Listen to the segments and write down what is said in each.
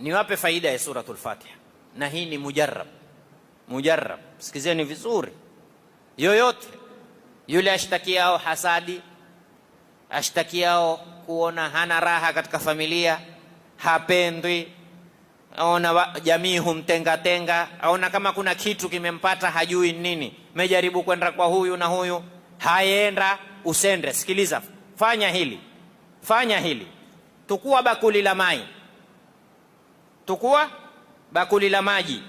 niwape faida ya suratul Fatiha, na hii ni mujarrab. Mujarrab, sikizeni vizuri, yoyote yule ashtakiao hasadi, ashtakiao kuona hana raha katika familia, hapendwi, aona jamii humtengatenga, aona kama kuna kitu kimempata, hajui nini. Mejaribu kwenda kwa huyu na huyu, hayenda, usende. Sikiliza, fanya hili, fanya hili, tukua bakuli la mai tukua bakuli la maji,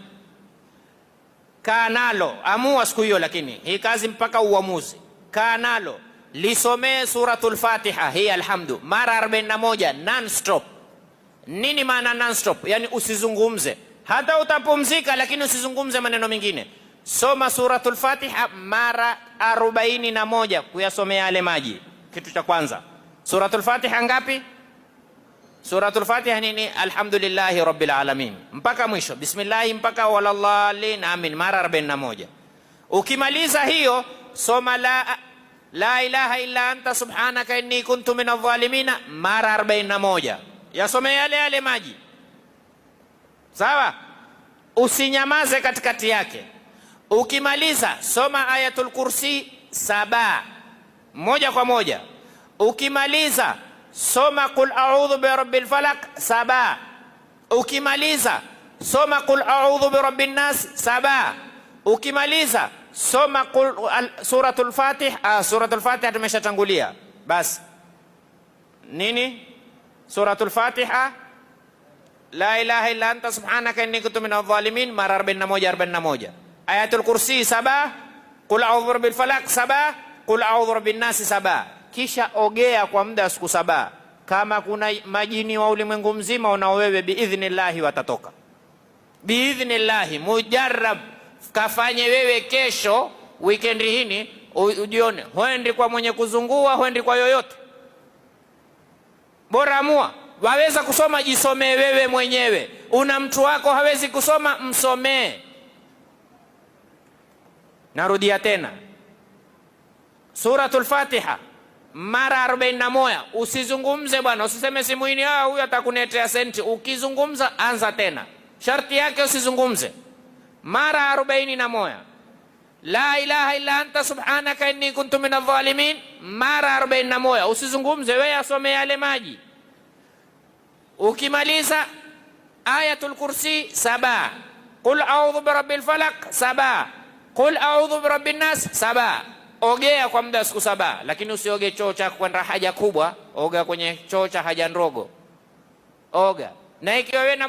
kaa nalo, amua siku hiyo. Lakini hii kazi mpaka uamuzi, kaa nalo, lisomee suratul Fatiha hii alhamdu mara 41 non stop. Nini maana non stop? Yani usizungumze hata utapumzika, lakini usizungumze maneno mengine. Soma suratul Fatiha mara arobaini na moja kuyasomea yale maji. Kitu cha kwanza, suratul Fatiha ngapi? Suratul Fatiha nini? Alhamdulillahi rabbil alamin mpaka mwisho, bismillahi mpaka walallalin amin, mara 41. Ukimaliza hiyo soma la, la ilaha illa anta subhanaka inni kuntu minadh dhalimin mara 41, yasome yale yale maji. Sawa, usinyamaze katikati yake. Ukimaliza soma ayatul kursi saba moja kwa moja. Ukimaliza soma qul a'udhu birabbi lfalaq saba. Ukimaliza soma qul a'udhu birabbi nnas saba. Ukimaliza soma suratul Fatih. Ah, suratul Fatih tumeshatangulia basi. Nini suratul Fatiha? La ilaha illa anta subhanaka inni kuntu minadh dhalimin mara 41 41. Ayatul Kursi saba. Qul a'udhu birabbil falaq saba. Qul a'udhu birabbin nas saba. kisha ogea kwa muda wa siku saba. Kama kuna majini wa ulimwengu mzima unao wewe, biidhnillahi watatoka, biidhnillahi mujarab. Kafanye wewe kesho, wikendi hini, ujione. Huendi kwa mwenye kuzungua, huendi kwa yoyote, bora amua. Waweza kusoma, jisomee wewe mwenyewe. Una mtu wako hawezi kusoma, msomee. Narudia tena Suratul Fatiha mara arobaini na moja. Usizungumze bwana, usiseme simuini ah, huyu atakunetea senti. Ukizungumza anza tena, sharti yake usizungumze mara arobaini na moja. La ilaha illa anta subhanaka inni kuntu minadh dhalimin, mara arobaini na moja. Usizungumze wewe, asome yale maji. Ukimaliza ayatul kursi saba, qul a'udhu rabbil falaq saba, qul a'udhu rabbin nas saba ogea kwa muda wa siku saba, lakini usioge choo cha kwenda haja kubwa, oga kwenye choo cha haja ndogo, oga na ikiwa wewe